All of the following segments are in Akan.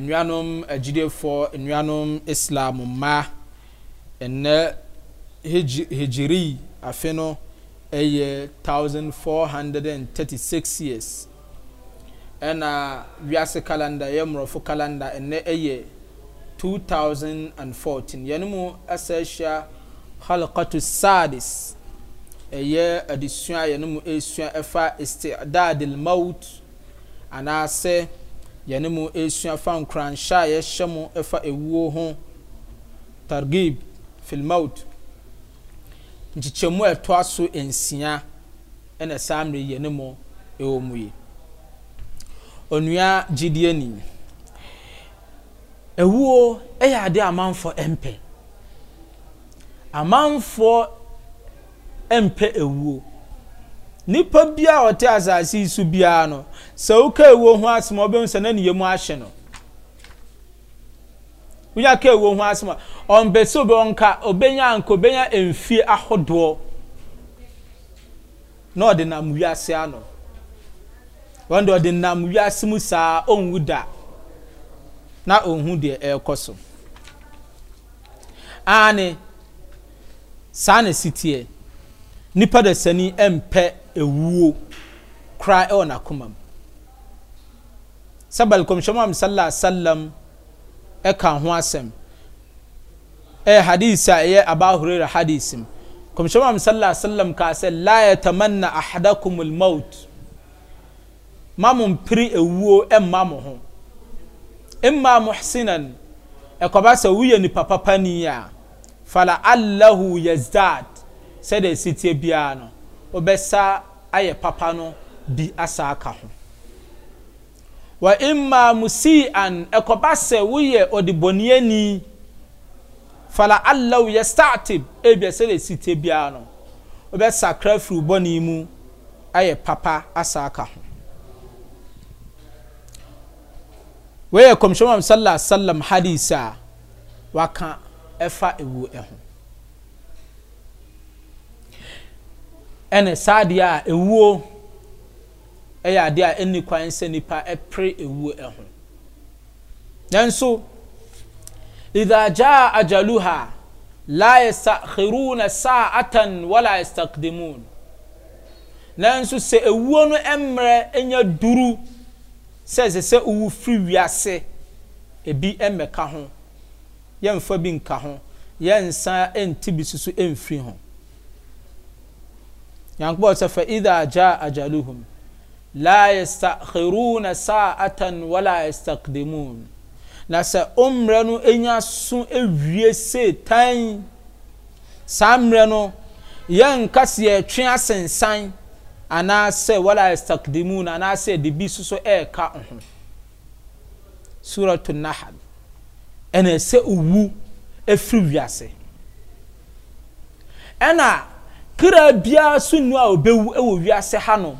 nnuanom agyidefoɔ eh, nnuanom islam mmaa ɛnɛ hijiri afe no ɛyɛ thousand four hundred and thirty six years ɛna wiase kalanda yɛ mmorɔfo kalanda ɛnɛ ɛyɛ two thousand and fourteen yɛn mu ɛsɛ ahyia halakatu saadis ɛyɛ adesua yɛn mu esua ɛfa istiadaadil maut anaasɛ yɛne mu esua fa nkuranhyɛ a yɛhyɛ mu fa ewuo ho targib filmout nkyekyɛmu a ɛtoa so nsia ɛna saa mmerɛ yɛne mu ɛwɔ mu yi onua gyidie ni ewuo ɛyɛ ade amanfoɔ ɛmpɛ amanfoɔ ɛmpɛ ewuo. nipa bi a ɔte asase yi so biara no sɛ woka ewuo ho asɛm a ɔbɛn sɛ na ne yam ahye no wonya ka ewuo ho asɛm a ɔmpɛ sɛ ɔbɛ ɔnka ɔbɛnya nka ɔbɛnya mfie ahodoɔ na ɔde nam wiase ano wɔn de ɔde nam wiase mu saa ɔnwu da na ɔnhu deɛ ɛrekɔ so aane saa na teɛ nipa da sani mpɛ ewuo koraa ɛwɔ n'akoma mu sabal kɔmhyɛm am sallah sallam ɛka ho asɛm ɛyɛ hadis a ɛyɛ aba hurera hadis mu kɔmhyɛm am sallah sallam kaa sɛ la yatamanna ahadakum almaut ma mo mpiri ewuo ɛmma mo ho imma muhsinan ɛkɔba sɛ woyɛ nipa papa ni a fala allahu yazdad sɛdeɛ sitie biara no ɔbɛsa ayɛ papa no bi asa aka ho wa imma musian ɛkɔba sɛ woyɛ ɔdebɔneani fala allahu yastatib ebia sɛ de si te biara no ɔbɛsakra firi bɔne mu ayɛ papa asa aka ho wɔyɛ kɔmhyɛn wa sallam hadisa waka ɛfa ewu ɛho. ɛne saa adeɛ a ewuo ɛyɛ adeɛ a ɛnni kwan sɛ nipa ɛpere ewuo ɛho nanso idagya agyaluha la yasakhiruna sa'atan wala yastaqdimun nanso sɛ ewuo no mmerɛ ɛnya duru sɛ ɛsɛ sɛ owu firi wiase ebi mmɛka ho yɛmfa bi nka ho yɛnsa nti bi soso mfiri ho nyankopɔn sɛ fa idha ja ajaluhum la yastakhiruna sa'atan wala yastakdimun na sɛ ɔmmerɛ no anya so awie seetan saa mmerɛ no yɛnka sɛ yɛtwe asensan anaasɛ wala yastakdimun anaasɛ de bi soso ɛɛka ho suratu nahal ɛna ɛsɛ owu ɛfiri e wiase ɛna kra biara so nnu a ɔbɛwu wɔ wiase hanom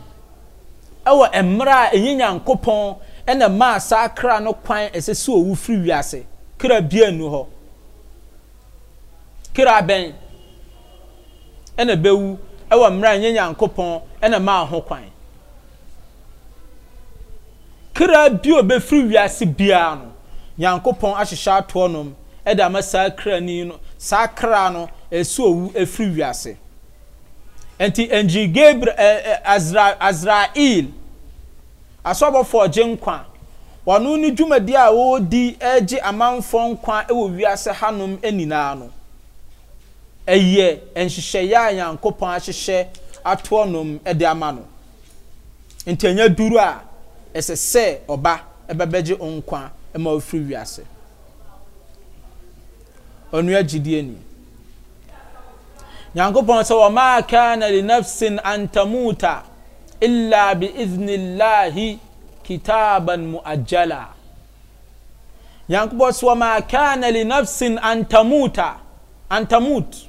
ɛwɔ mmerɛ a ɛnyɛ nyankopɔn ɛna maa saa kra no kwan ɛsɛ sɛ ɔwu firi wiase kra biara nnu hɔ kra bɛn ɛna bɛwu ɛwɔ mmerɛ a ɛnyɛ nyankopɔn ɛna maa ho kwan kra bi a ɔbɛfiri wiase biara no nyankopɔn ahyehyɛ atoɔ nom ɛde ama saa kra ni no saa kra no ɛsɛ ɔwu firi wiase nti ngyi gabriel ɛ eh, ɛ eh, azrael asɔbɔfoɔ gye nkwa wɔn ne dwumadie a wɔredi regye amanfoɔ nkwa wɔ wiase hanom nyinaa no ɛyɛ nhyehyɛeɛ a nyankopɔn ahyehyɛ atoɔ nom de ama no nti ɛnyɛ duru a ɛsɛ sɛ ɔba ɛbɛbɛgye nkwa ma ofiri wiase ɔnua gyidie nii. nyankopɔn sɛ wɔma kana linafsin antamuta illa biiznillahi kitaban muajjala nyankopɔn sɛ wɔma kana linafsin antamuta antamut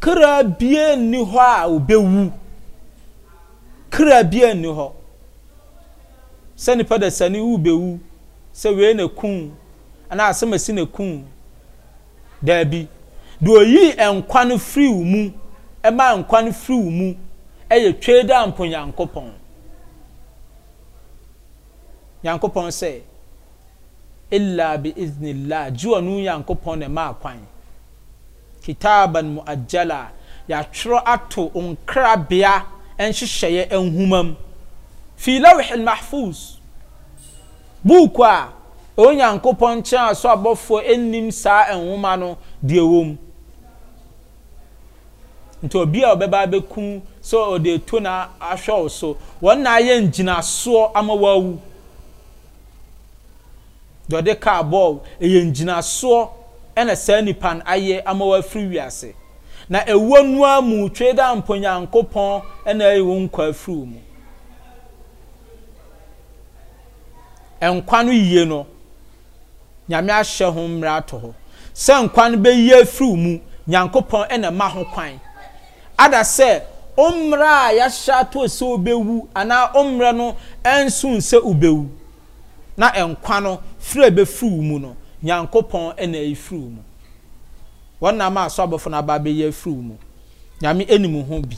kra bie nni hɔ a wobɛwu kra bie nni hɔ sɛ nipa da sani wo bɛwu sɛ wei na kun anaa asɛm na kun daabi deɛ oyi nkwa no firi wo mu ma nkwa no firi wo mu yɛ twɛ da mponyankopɔn nyankopɔn sɛ illa bi iznillah gye ɔno nyankopɔn na ma kwan kitaban mu agyala yɛatwerɛ ato nkrabea nhyehyɛeɛ nhumam fi lawhil mahfuz buuku a ɔwɔ nyankopɔn nkyɛn a so abɔfoɔ nnim saa nwoma no deɛ wɔ mu nti obi a ɔbɛba abɛkum sɛ ɔde to na ahwɛ wo so wɔn na ayɛ ngyinasoɔ ama wawu deɛ ɔde kaa bɔɔl ɛyɛ ngyinasoɔ ɛna saa nipa no ayɛ ama wafiri wiase na ewuo nua mu twe da mponyankopɔn ɛna ɛyɛ wɔn nkɔ afiri mu nkwa no yie no nyame ahyɛ ho mmira ato hɔ sɛ nkwa no bɛyie afiri mu nyankopɔn ɛna ma ho kwan. ada sɛ ɔmmerɛ a yɛahyɛ ato sɛ wobɛwu anaa ɔmmerɛ no nso nsɛ wobɛwu na nkwa no firi bɛfiri mu no nyankopɔn na ɛfiri mu wɔn nam a so abɔfo no aba abɛyɛ afiri mu nyame anim ho bi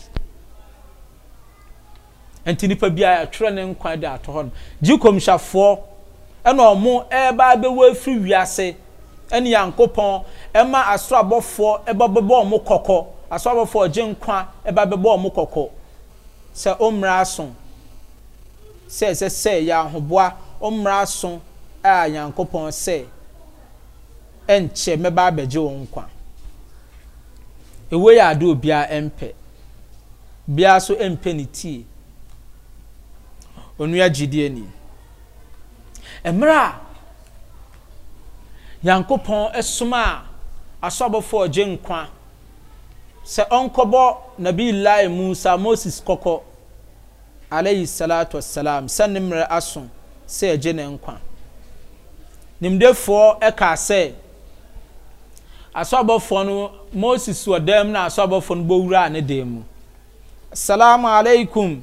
nti nipa bi a yɛtwerɛ ne nkwa de ato hɔ no gye kɔmhyɛfoɔ ɛna ɔmo ɛreba abɛwɔ afiri wiase ɛne nyankopɔn ɛma asorabɔfoɔ ɛbɛbɛbɔ ɔmo kɔkɔɔ asɔbɔfoɔ gye nkwa ɛba bɛbɔ ɔmo kɔkɔ sɛ ɔmmra aso sɛ sɛ sɛ yɛ ahoboa ɔmmra aso a nyankopɔn sɛ ɛnkyɛ mɛba abɛgye wɔn nkwa ewe yɛ ade obiara ɛmpɛ biara so ɛmpɛ ne tie onua gyidie ni mmerɛ a nyankopɔn ɛsoma a asɔbɔfoɔ gye nkwa. sɛ ɔnkɔbɔ nabiillahi musa moses kɔkɔ alayhi salatu wassalam sɛ ne mmerɛ aso sɛ agye ne nkwa nimdefoɔ ɛkaa sɛ asɔbɔfoɔ no moses wɔ dan mu na asɔbɔfoɔ no bɛwuraa ne dan mu assalamu alaikum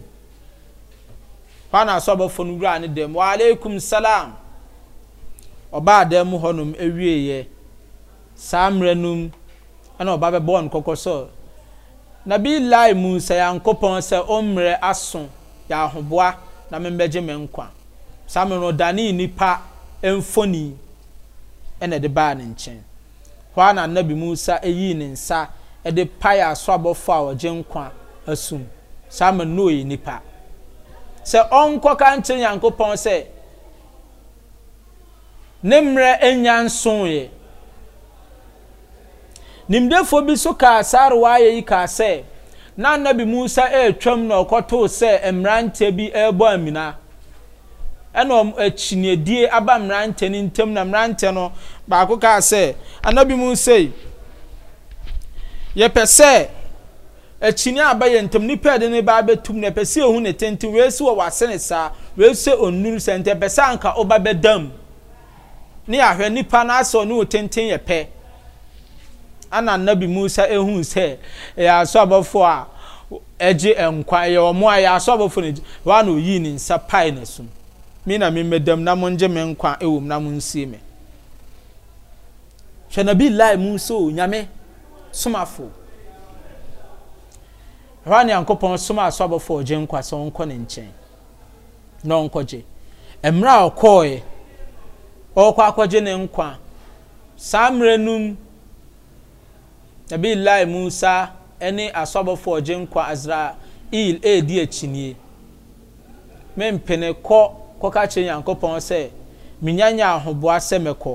hɔ na asɔbɔfoɔ no wuraa ne dan mu wa alaikum salam ɔbaa dan mu hɔnom awieeɛ saa mmerɛ nom ɛna ɔba bɛbɔɔ no kɔkɔ sɛ nabi lai musa yankopɔn sɛ ɔmmerɛ aso yɛ ahoboa na membɛgye me nkwa saa me no dane nipa mfoni ɛna de baa ne nkyɛn hɔ a na nabi musa ɛyii ne nsa ɛde pae aso abɔfo a wɔgye nkwa asum saa me no yɛ nipa sɛ ɔnkɔ ka nkyerɛ nyankopɔn sɛ ne mmerɛ anya nsoeɛ nimdefoɔ bi so kaa saa rewaayɛ yi kaa sɛ na anabi musa ɛretwam na ɔkɔtoo sɛ mmeranteɛ bi ɛrebɔ amina ɛna akyinnyedie aba mmeranteɛ no ntam na mmeranteɛ no baako kaa sɛ anabi musa yi yɛpɛ sɛ akyinni aba yɛ ntam nipa yɛde ne ba abɛtum na yɛpɛ sɛ ehu ne tenten wei si wɔ wase ne saa wei sɛ onuru sɛ nta yɛpɛ sɛ anka ɔba bɛdam ne yɛahwɛ nipa no asɛ ɔne wɔ tenten yɛ pɛ. ana anabi musa ehu sɛ ɛyɛ asɔbɔfo a ɛgye nkwa ɛyɛ wɔn a ɛyɛ asɔbɔfo no wɔn a na oyi ne nsa pae ne so mi na mi mmedam na mo ngye me nkwa ɛwɔ mu na mo nsie me hwɛ nabi lai musa o nyame somafo ɛhɔ a ne yankopɔn soma asɔbɔfo ɔgye nkwa sɛ ɔnkɔ ne nkyɛn na gye. mmerɛ a ɔkɔɔɛ ɔkɔ akɔgye ne nkwa saa mmerɛ no mu. ebi lai musa ne asɔbɔfoɔ ɔgye nkwa israel edi akyinie mempene kɔ kɔka kyerɛ nyankopɔn sɛ menyanya ahoboa sɛ mɛkɔ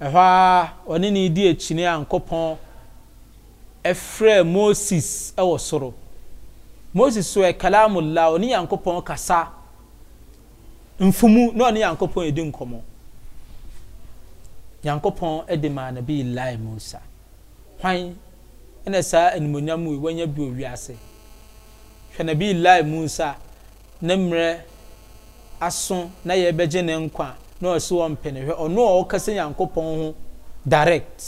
ɛhɔ a ɔne ne di akyini nyankopɔn ɛfrɛ moses ɛwɔ soro moses so ɛkalamula ɔne nyankopɔn kasa mfumu na ɔne nyankopɔn edi nkɔmɔ. nyankopɔn de maa na nabi lai musa hwan na saa animonyam yi wɔnyɛ bi owiase hwɛ nabi lai musa ne mmerɛ aso na yɛbɛgye ne nkwa na ɔsi wɔn mpene hwɛ ɔno a ɔkasa nyankopɔn ho direct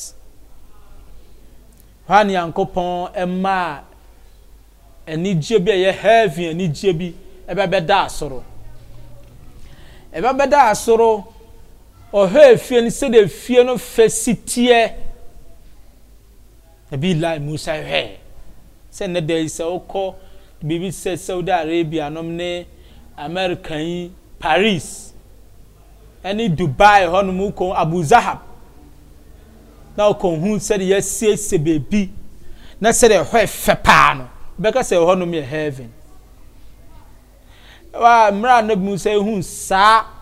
hwan nyankopɔn mmaa anigye bi a ɛyɛ heavy anigye bi ɛbɛbɛda asoro ɛbɛbɛda asoro. ɔhwɛ efie no sɛdeɛ efie no fɛ si teɛ ebi lai musa hwɛ sɛ ne da yi sɛ ɔkɔ biribi sɛ saudi arabia nom ne america yi paris ɛne dubai hɔnom kɔ abu zahab na ɔkɔ hu sɛdeɛ yɛsiesie beebi na sɛdeɛ ɛhɔ fɛ paa no bɛka sɛ hɔnom yɛ heaven waa mmerɛ a ne musa ehu saa.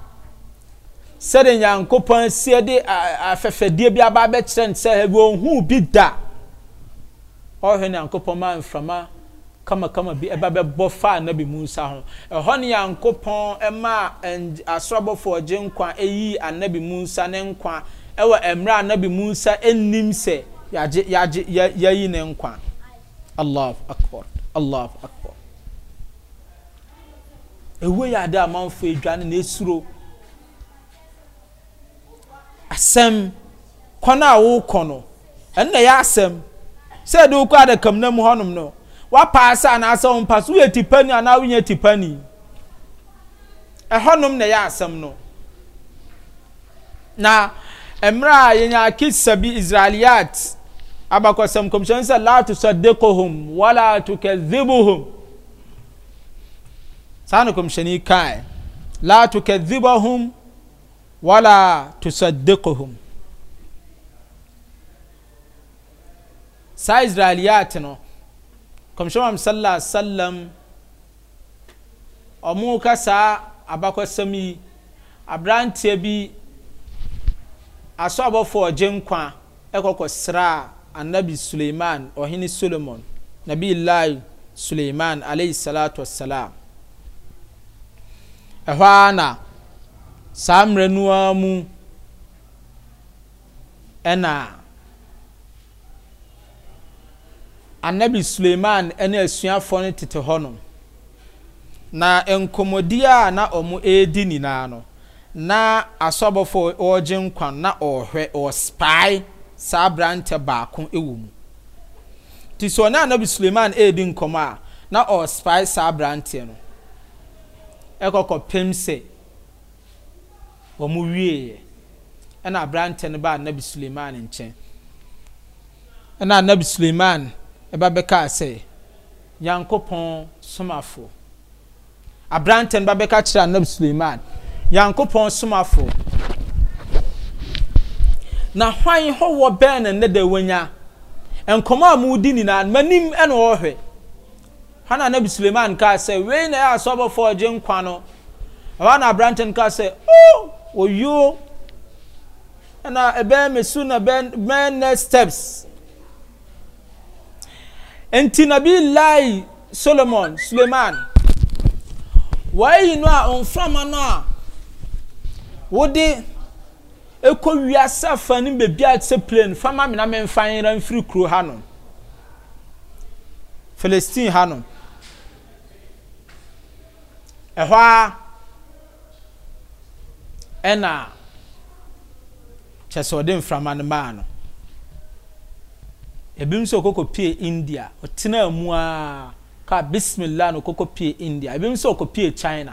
sɛde nyankopɔn sie de afɛfɛdeɛ bi aba abɛkyerɛ no sɛ wɔnhu bi da ɔhwɛ nyankopɔn ma mframa kamakama bi ɛba bɛbɔ fa anabi musa ho ɛhɔ ne nyankopɔn ɛma asorɔbɔfoɔ gye nkwa ɛyi anabi musa ne nkwa ɛwɔ mmerɛ anabi musa ɛnim sɛ yagye yagye y'ayi ne nkwa allahu akbar allahu akbar ɛwɔ yɛ ade amanfoɔ adwane na esuro asɛm kwan a wokɔ no ɛno na ɛyɛ asɛm sɛ de wokɔ adakam na mu hɔnom no wapa asa anaasɛ wompa so woyɛ tipani anaa wonyɛ tipani ɛhɔnom na ɛyɛ asɛm no na mmerɛ a yɛnya akisa bi israeliyat abakɔsɛm kɔmhyɛn sɛ la tusaddiquhum wala tukadhibuhum saa na kɔmhyɛn yi kae la tukadhibahum wala tusaddiquhum saa israeliyat no kɔmhyɛmam sala salam ɔmo ka saa abakɔsɛm yi aberanteɛ bi asɔ abɔfoɔ ɔgye nkwa ɛkɔkɔ sraa anabi suleiman ɔhene solomon nabi lai suleiman alayhi salatu wasalam ɛhɔ ara na saa mmerɛ no ara mu ɛna anabi suleiman ɛne asuafoɔ no tete hɔnom na nkɔmmɔdi a na wɔn redi nyinaa no na asɔbɔfo wɔregye nkwa na ɔrehwɛ ɔresepae saa aberanteɛ baako wɔ mu nti sɛ ɔne anabi suleiman redi nkɔmmɔ a na ɔresepae saa aberanteɛ no ɛkɔkɔpem sɛ wɔn wieeɛ ɛna aberanteɛ no ba anabi suleiman nkyɛn ɛna anabi suleiman ɛba bɛka sɛ yankopɔn somafo aberanteɛ no ba bɛka kyerɛ anabi suleiman yankopɔn somafo na hwan hɔ wɔ bɛn na ne da wɔnya nkɔmɔ a mo di nyinaa m'anim ɛna ɔhwɛ hana anabi suleiman kaa sɛ wei na ɛyɛ asɔbɔfoɔ gye nkwa no ɛwɔ na aberanteɛ no kaa sɛ ooo. Oh, oyuo ɛna ɛbɛn mesu na bɛn next steps nti nabi lai solomon suleiman wɔayi no a ɔnframa no a wode ekɔ wiase afa ne beebi a te plane fama mi na mi nfa yɛn mfiri kuro ha no philistine ha no ɛhɔ a ɛna kyɛ sɛ ɔde mframa no maa no ebi nso okoko pie india ɔtena mu a ka bisimilah no okoko pie india ebi nso okoko pie china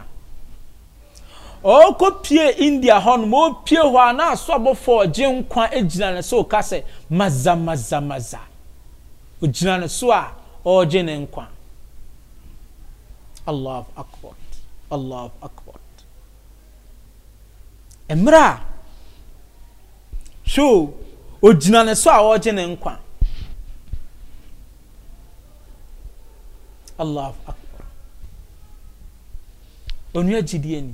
ɔkɔ pie india hɔ nom ɔpie hɔ a na asɔbɔfoɔ ɔgye nkwa gyina ne so ɔka sɛ maza maza maza ɔgyina ne so a ɔregye ne nkwa allah akbar allah akbar mmerɛ a so ogyina ne so a ɔregye ne nkwa allah akbar onua gyidie ni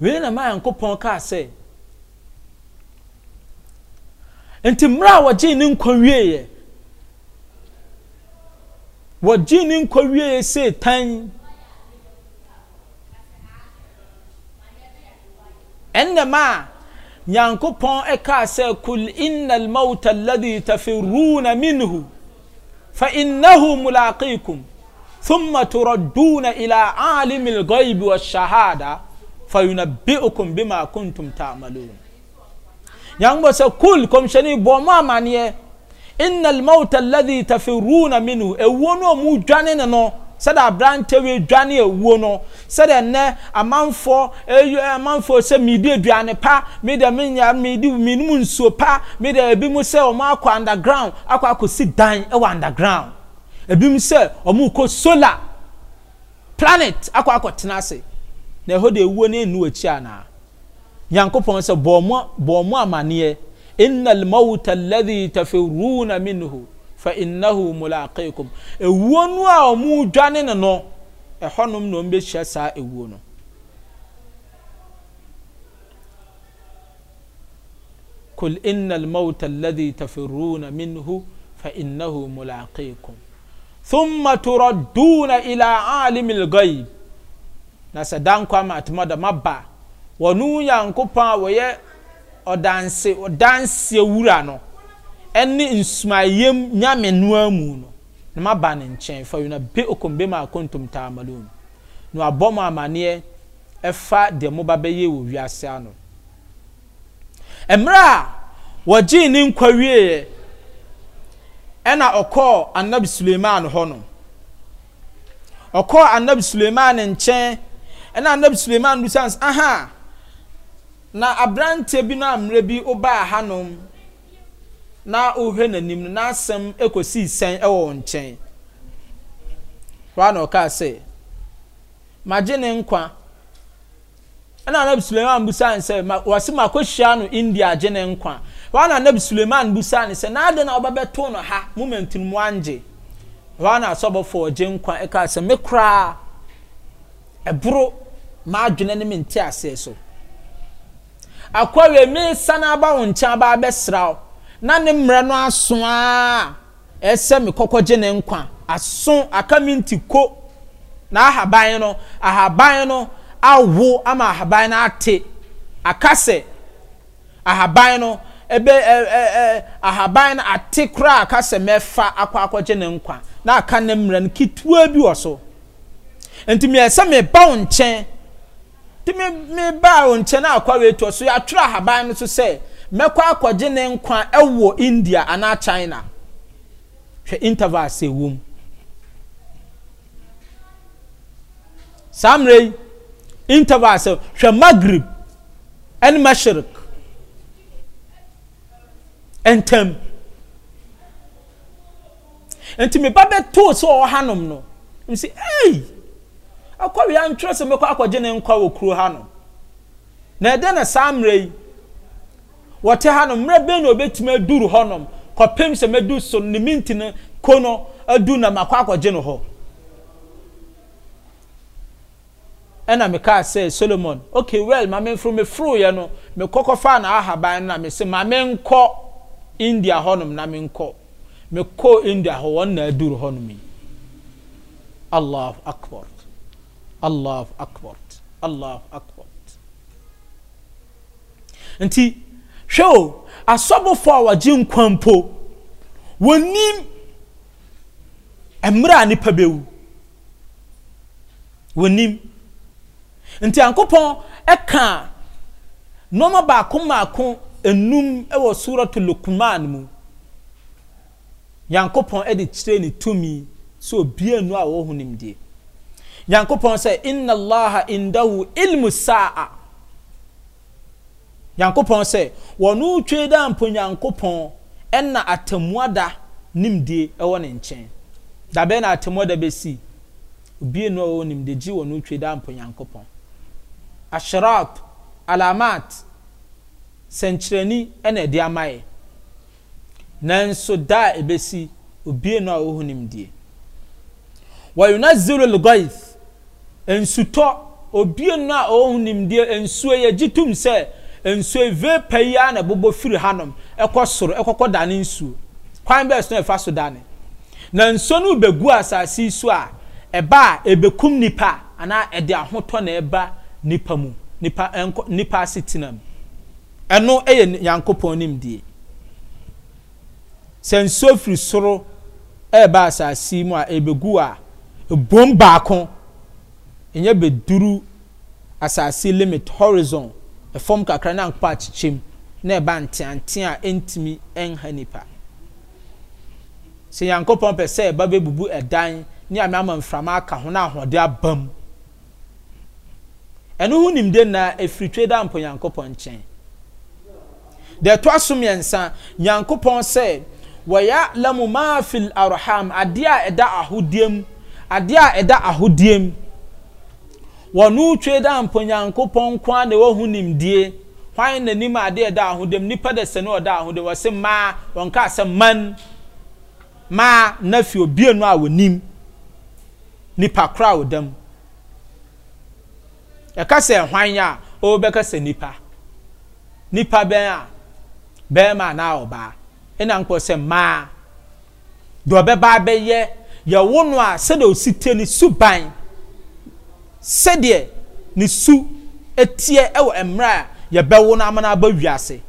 wei na maa nyankopɔn kaa sɛ nti mmerɛ a wɔgyee ne nkwa wieeɛ wɔgyee ne nkwa wieeɛ sɛ tan ɛnnɛ ma a nyankopɔn ɛkaa sɛ kul inna almauta alladhi tafiruna minhu fa ثم تردون إلى عالم الغيب والشهادة فينبئكم بما كنتم تعملون يعني بس كل كم شني بوما مانيه إن الموت الذي تفرون منه أونو مو جانينو sɛde aberante wi dwane ewuo no sɛde nnɛ amanfoɔ eyi eh, amanfoɔ sɛ miidi aduane pa miidi minya miidi miinimu nsuo pa miidi ebi mu sɛ wɔn akɔ underground akɔ akɔsi dan ɛwɔ underground ebi mu sɛ wɔn kɔ solar planet akɔ akɔtena ase na ɛhɔ de ewuo ne enu akyi ana nyankopɔn sɛ bɔn mu bɔn mu amaneɛ innal mawuta lɛdi tafiruna minhu. فإنه ملاقيكم ايوانو اومو جاني إيوه نو ايخونم نو مبشي سا ايوانو قل إن الموت الذي تفرون منه فإنه ملاقيكم ثم تردون إلى عالم الغيب ناسا دانكو اما اتمادا مبا ونو يانكو پا ويه ودانسي ودانسي ورانو ne nsumayɛm nyame noa mu no na maba ne nkyɛn fa yona be okombe ma akontom taamaloon na wabɔ mu amaneɛ ɛfa deɛ moba bɛyɛ wɔ wiase ano mmerɛ a wɔgyee ne nkwa wieɛ ɛna ɔkɔɔ anabi suleiman hɔ no ɔkɔɔ anabi suleiman nkyɛn ɛna anabi suleiman no san aha na aberanteɛ bi no ammerɛ bi wobaa hanom na wohwɛ n'anim no n'asɛm ekɔsi sɛn ɛwɔ wɔn nkyɛn hwaa na ɔka sɛ magye ne nkwa ɛna anabi suleiman busa ne sɛ ma wɔsi ma akɔhyia no india agye ne nkwa hwaa na anabi suleiman busa ne sɛ n'ade na ɔbɛbɛto no ha moment mu angye hwaa na asɔbɔfo ɔgye nkwa ɛkaa sɛ me koraa ɛboro maa adwene ne me nte aseɛ so akɔwe me na aba wɔn nkyɛn aba abɛsra wo. na ne mmerɛ no aso a ɛsɛ me kɔkɔgye ne nkwa aso aka mi nti ko na ahaban no ahaban no awo ama ahaban no ate aka sɛ ahaban no ebe ɛ ɛ ɛ ahaban no ate koraa aka sɛ mɛfa akɔ akɔgye ne nkwa na aka ne mmerɛ no ketewa bi wɔ so nti mmiɛnsa meba wo nkyɛn nti meba wo nkyɛn a akɔwe to so yɛatwerɛ ahaban no so sɛ. mɛkɔ akɔgye ne nkwa ɛwɔ india anaa china hwɛ intervals ɛwɔ mu saa mmerɛ yi hwɛ magrib ɛne mashrik ntam nti me ba bɛtoo sɛ ɔwɔ hanom no msi ei akɔwea ntwerɛ sɛ mɛkɔ akɔgye ne nkwa wɔ kuro hanom na ɛdɛ na saa mmerɛ yi wɔte ha no mmerɛ bɛn na obɛtumi aduru hɔnom kɔpem sɛ mɛdu so ne minti no ko no adu na makɔ akɔgye no hɔ ɛna mekaa sɛ solomon ok well maame mforo mefuruiɛ no mekɔkɔ faa na ahaban na mese maame nkɔ india hɔnom na menkɔ mekɔ india hɔ wɔn na aduru hɔnom yi allahu akbar allahu akbar allahu akbar nti hwɛ o asɔbofoɔ a wɔgye nkwa mpo wɔnim mmerɛ a nipa bɛwu wɔnim nti ankopɔn ɛka nneɛma baako mmaako enum ɛwɔ suratu lukuman mu yankopɔn ɛde kyerɛ ne tumi sɛ obiara nu a wɔwɔ ho nimdeɛ yankopɔn sɛ inna allaha indahu ilmu saa nyankopɔn sɛ wɔn retwe da mpo nyankopɔn ɛna atamuada nimdie ɛwɔ ne nkyɛn dabe na atamuada bɛsi obie no a ɔwɔ nimdie gye wɔn retwe da mpo nyankopɔn ashraf alamat sɛnkyerɛni ɛna ɛde ama yɛ nanso da a ɛbɛsi obie no a ɔwɔ nimdie wɔyuna zero lgoith nsutɔ obie no a ɔwɔ nimdie nsuo yɛ gye tum sɛ. nsuo eve pɛ a na ɛbobɔ firi hanom ɛkɔ soro ɛkɔkɔ dane nsuo kwan bɛɛ so na ɛfa so dane na nsuo no bɛgu asase yi so a ɛba a ɛbɛkum nipa anaa ɛde ahotɔ na ɛba nipa mu nipa ɛnkɔ nipa ase tena mu ɛno ɛyɛ nyankopɔn nimdie sɛ nsuo firi soro ɛɛba asase mu a ɛbɛgu a ebom baako ɛnyɛ bɛduru asase limit horizon ɛfam kakra na nkpa akyekyɛm na ɛba nteante a ɛntumi ɛnha nipa sɛ nyankopɔn pɛ sɛ ɛba bɛbubu ɛdan ne ame ama mframa aka ho na ahoɔden aba mu ɛno ho nimde na ɛfiri twe da mpo nyankopɔn nkyɛn deɛ ɛtoa so mmiɛnsa nyankopɔn sɛ wɔyɛ lamu maa fil arham adeɛ a ɛda ahodeɛ mu adeɛ a ɛda ahodeɛ mu wɔn retwe da mponyankopɔn nko a na wɔho nimdie hwan na nim adeɛ da ahodam nipa da sɛ ne ɔda ahodam wɔsi mmaa wɔn ka sɛ man maa na fi obie e no a wɔnim nipa koro a wɔdam yɛka sɛ hwan a ɔrebɛka sɛ nipa nipa bɛn a bɛrima anaa ɔbaa ɛna nkɔ sɛ mmaa deɛ ɔbɛba abɛyɛ yɛwo no a sɛdeɛ osi tie ne suban sɛdeɛ ne su etie ɛwɔ mmerɛ a yɛbɛwo no amana aba wiase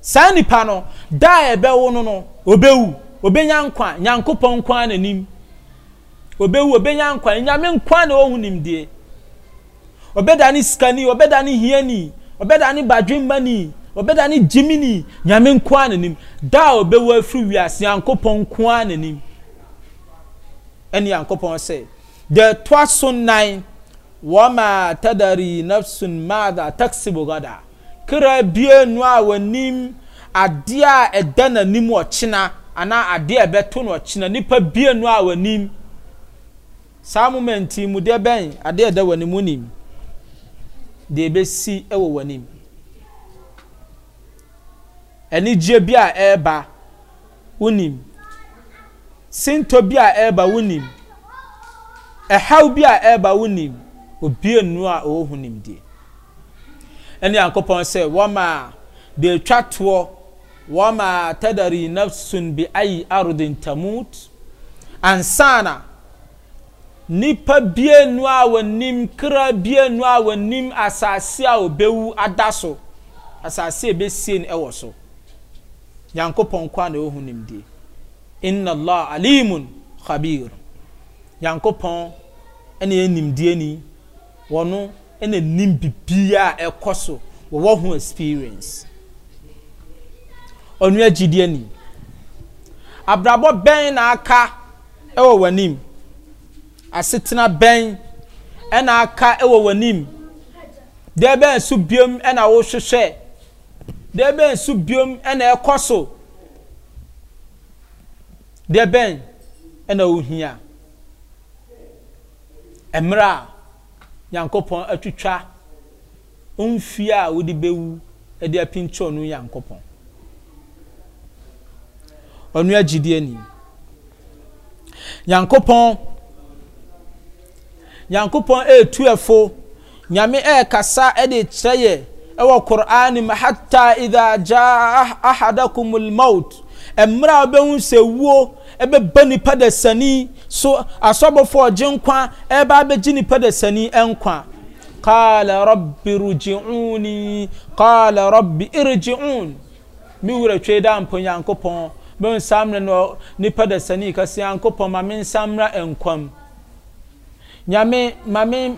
saa nipa no daa yɛbɛwo no no obewu obenya nkwa nyankopɔn nkwa n'anim obewu obenya nkwa nyame nkwa na ohun nimdie obeda ne sikani obeda ne hiani obeda ne badwemmani obeda ne gyimini nyame nkwa n'anim daa obewu afiri wiase nyankopɔn nkwa n'anim ɛne nyankopɔn sɛ deɛ ɛtoa so nan wɔma tadari nafsun maada taxi bogada kra bie nu a wɔnim adeɛ a ɛda n'anim ɔkyena anaa adeɛ a ɛbɛto no ɔkyena nipa bie nu a wɔnim saa momenti mu deɛ bɛn adeɛ a ɛda wɔn mu nim deɛ ebesi ɛwɔ e wɔn anim anigyeɛ bi a ɛreba wɔnim sinto bi a ɛreba wɔnim ɛhaw bi a ɛreba wo nim obie nu a ɔwɔ ho nimdeɛ ɛne yankopɔn sɛ wɔma de atwa toɔ wɔma tadari nafsun bi ayi arodin tamut ansana nipa bie nu a wɔnim kra bie nu a wɔnim asase a ɔbɛwu ada so asase a ɛbɛsie no ɛwɔ so nyankopɔn kwa na ɔwɔ ho nimdeɛ inna allah alimun khabir nyankopɔn ɛna yɛ nimdeɛ ni wɔno ɛna nim bibia a ɛkɔ so wɔwɔ ho experience ɔnua gyidie ni abrabɔ bɛn na aka ɛwɔ w'anim asetena bɛn ɛna aka ɛwɔ w'anim deɛ bɛn nso biom ɛna wɔrehwehwɛ deɛ bɛn nso biom ɛna ɛkɔ so deɛ bɛn ɛna ohia mmerɛ a nyankopɔn atwitwa mfie a wode bɛwu de apinkyɛw no nyankopɔn ɔno agyidie ni nyankopɔn nyankopɔn ɛretu ɛfo nyame ɛrekasa de kyerɛ yɛ ɛwɔ qur'an mu hatta idha jaa ahadakum almaut mmerɛ a wobɛhu sɛ wuo ɛbɛba nipa da so asɔbɔfoɔ gye nkwa ɛreba abɛgye nipa de sani nkwa kaala rabbi rujiuni kaala rabbi irjiun mi wura twe da mpo nyankopɔn bɛ nsamra no nipa de kasi nyankopɔn ma me nsamra nkwam nyame ma me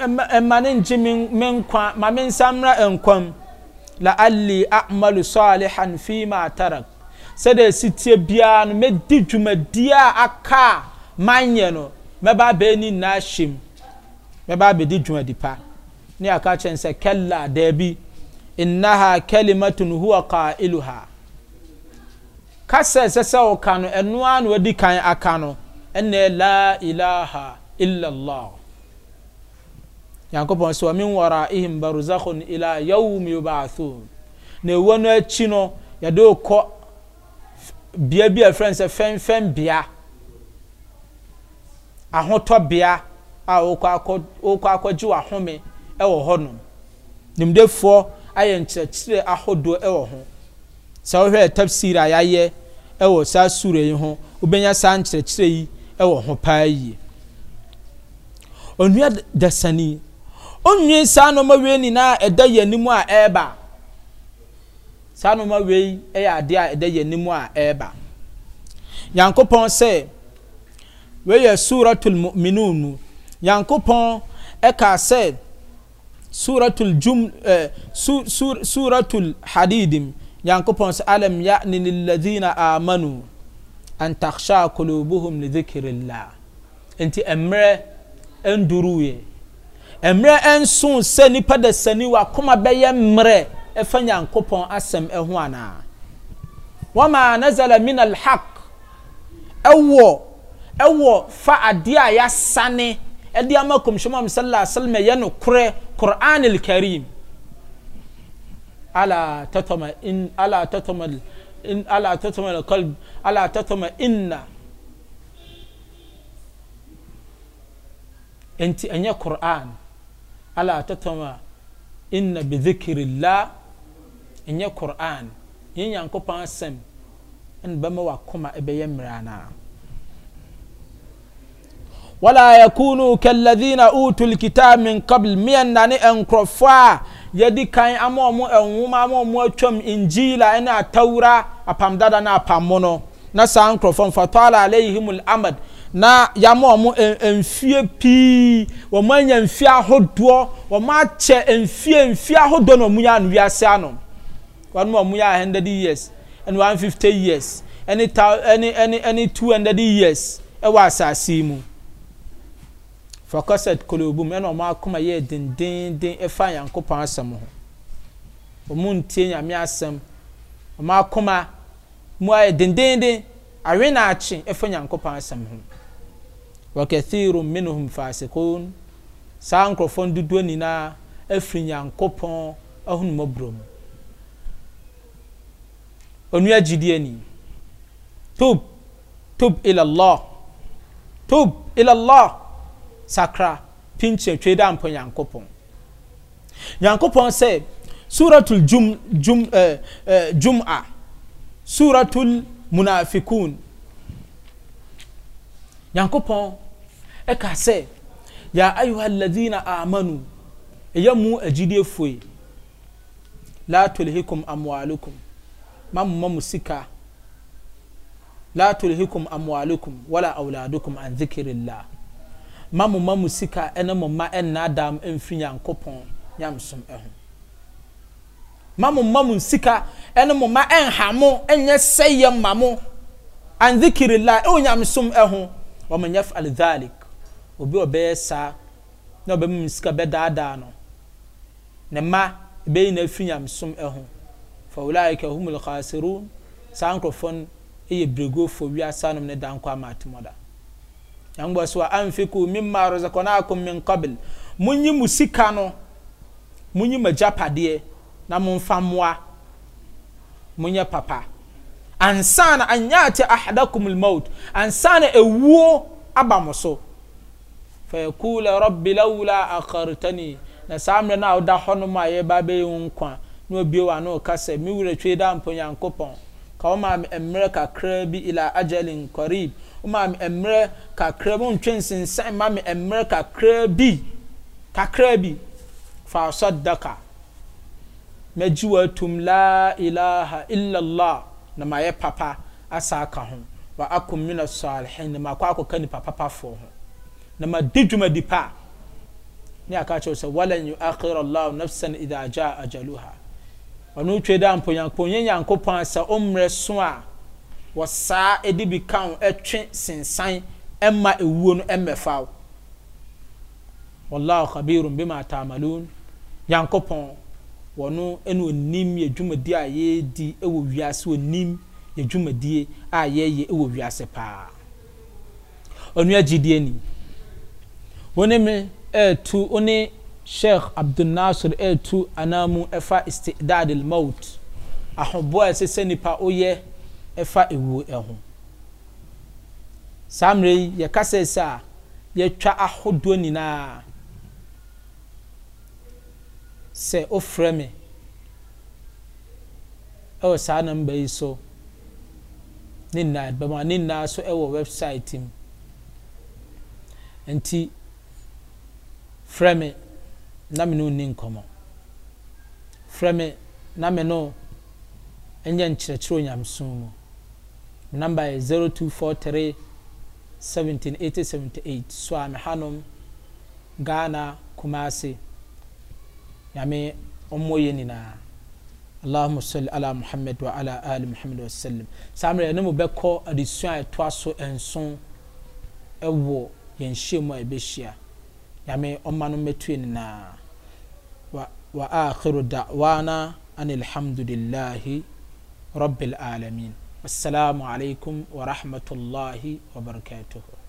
ma ne ngye me nkwa ma me nsamra nkwam la'alli a'malu salihan fi ma tarak sɛdeɛ sitie biara no mɛdi dwumadie a aka manyɛ no mɛba abɛɛ ni nyinaa hyɛ mu mɛba abɛdi dwumadi pa ne aka kyɛn sɛ kɛla daabi innaha kalimatun huwa qailuha kasa ɛsɛ sɛ ɔka no ɛnoa na wadi kan aka no ɛnna la ilaha illallah nyankopɔn sɛ ɔmin waraihim barzakhun ila yawm yub'athun na ɛwɔ no akyi no yɛde okɔ bea bi a ɛfrɛ sɛ fɛnfɛn bea ahotɔbea a wokɔ akɔgye wahome wɔ hɔnom nimdefoɔ ayɛ nkyerɛkyerɛ ahodoɔ ɛwɔ ho Saa wohwɛ tafsir a yɛayɛ ɛwɔ saa sura yi ho Obenya saa nkyerɛkyerɛ yi ɛwɔ ho paa yie onua dasani onwie saa nneɛma wei nyinaa ɛda yɛn anim a ɛreba saa nneɛma wei ɛyɛ adeɛ a ɛda yɛn anim a ɛreba nyankopɔn sɛ wei yɛ suratul mu'minun mu nyankopɔn ɛka sɛ suratul jum eh, su, sur, suratul hadidim nyankopɔn sɛ alam ya ya'ni ladina amanu an takhsha qulubuhum li dhikrillah enti ɛmmerɛ ɛnduruuɛ ɛmmerɛ ɛnso sɛ nipa de sani wa wakoma bɛyɛ mmerɛ ɛfa nyankopɔn asɛm ɛho anaa wama nazala min alhaq ɛwɔ ɛwɔ fa adeɛ a yɛasane ɛde ama kɔmhyɛm am sala salama yɛ no korɛ quran alkarim ala tatama in ala tatama in ala tatama alqalb ala tatama inna enti ɛnyɛ quran ala tatama inna bidhikrillah ɛnyɛ quran yɛn nyankopɔn asɛm ɛne bɛma wakoma ɛbɛyɛ mmerɛ anaa wala yakunu kalladhina utul kitab min qabl miyan na ne nkurɔfo a yɛdi kan ama wɔn nwoma ama wɔn atwam injila ne atawura apam dada na apam mu no na saa nkurɔfo nfa taala alayhimul amad na yama wɔn mfie pii wɔn anya mfie ahodoɔ wɔn akyɛ mfie mfie ahodoɔ na wɔn yɛ ano wiase ano wɔn a wɔn yɛ hundred years and one fifty years ɛne ta ɛne ɛne ɛne two hundred years ɛwɔ asaase mu. fakasat kulubum ɛna ɔmo akoma yɛ dendenden ɛfa nyankopɔn asɛm ho ɔmo ntie nyame asɛm ɔmo akoma mu ayɛ dendenden awe na akye ɛfa nyankopɔn asɛm ho wakathiru minhum fasikun saa nkurɔfoɔ dodoɔ nyinaa afiri nyankopɔn ahonumɔborɔ mu onua gyidie ni tub tub ilallah tub ilallah sakra pinkyi atwa da mpɔ nyankopɔn nyankopɔn sɛ suratul jum jum eh, eh, jum'a suratul munafikun nyankopɔn ɛka sɛ ya ayuha alladhina amanu ɛyɛ mu agyidie foe la tulhikum amwalukum mamma mu sika la tulhikum amwalukum wala auladukum an dhikrillah ma mo ma mo sika ɛne mo ma ɛnnaadam mfiri nyankopɔn nyamsom ɛho ma mo ma mo sika ɛne mo ma ɛnha mo ɛnyɛ sɛyɛ ma mo anzikirila ɛwɔ e nyamsom ɛho wɔn nyɛ alidalik obi ɔbɛyɛ saa na ɔbɛmu mo sika bɛdaadaa no ne ma ɛbɛyi na afiri nyamsom ɛho fawulaayika humul khasirun saa nkorɔfoɔ no ɛyɛ birigofo wiase anum ne danko ama atemɔda yangba so anfiku mimma razaqnakum min qabl munyi mu sika no munyi magyapadeɛ na momfa mmoa munyɛ papa ansa na anyate ahadakum almaut ansa na ewuo aba mo so fayakula rabbi laula akhartani na saa mmerɛ no a woda hɔ nom a yɛba bɛyɛ wo nkwa na obio a na ɔka sɛ me werɛ twe da mpo nyankopɔn ka woma mmerɛ kakraa bi ila ajalin qarib ma mi mmerɛ kakra mu ntwe nsensan ma mi mmerɛ kakra bi kakra bi fa sadaka mɛgyi wa tum laa ilaha illallah na ma yɛ papa asa aka ho wa akɔ mina sɔalihin na ma kɔ akɔka nipa papafoɔ ho na ma di dwumadi pa ne aka kyerɛ sɛ wala nyu akhira allah nafsan idha jaa ajaluha ɔno twe da mponyankopɔn yɛ nyankopɔn asɛ ɔmmerɛ so a wɔ saa ɛde bi ka ho ɛtwe sensan ɛma ewuo no ɛmmɛfa wo wallahu khabirun bima ta'malun yankopɔn wɔno ɛna onim yɛ dwumadie a yɛredi ɛwɔ wiase onim yɛ dwumadie a yɛreyɛ ɛwɔ wiase paa onua gyidie ni wɔne me ɛɛtu wɔne sheikh abdulnasir ɛɛtu anamu ɛfa istidad al-maut ahoboa ɛsɛ sɛ nipa oyɛ ɛfa ewuo ɛho saa mmerɛ yi yɛkasa esi a yɛtwa ahodoɔ nyinaa sɛ ofrɛ me ɛwɔ saa namba yi so ne nyinaa bɛma ne nyinaa so ɛwɔ website mu nti frɛ me na me no ni nkɔmɔ frɛ me na me no nyɛ nkyerɛkyerɛ onyamesom mu number is 0243 178078 so a mehanom ghana kumase nyame ɔmmɔ yɛ nyinaa allahumma salli ala muhammad wa ala ali muhammad wa sallim. saa mmerɛ ne mu bɛkɔ adesua a ɛtoa so nson ɛwɔ yɛn hyia mu a ɛbɛhyia nyame wa akhiru da'wana an alhamdulillahi rabbil alamin والسلام عليكم ورحمة الله وبركاته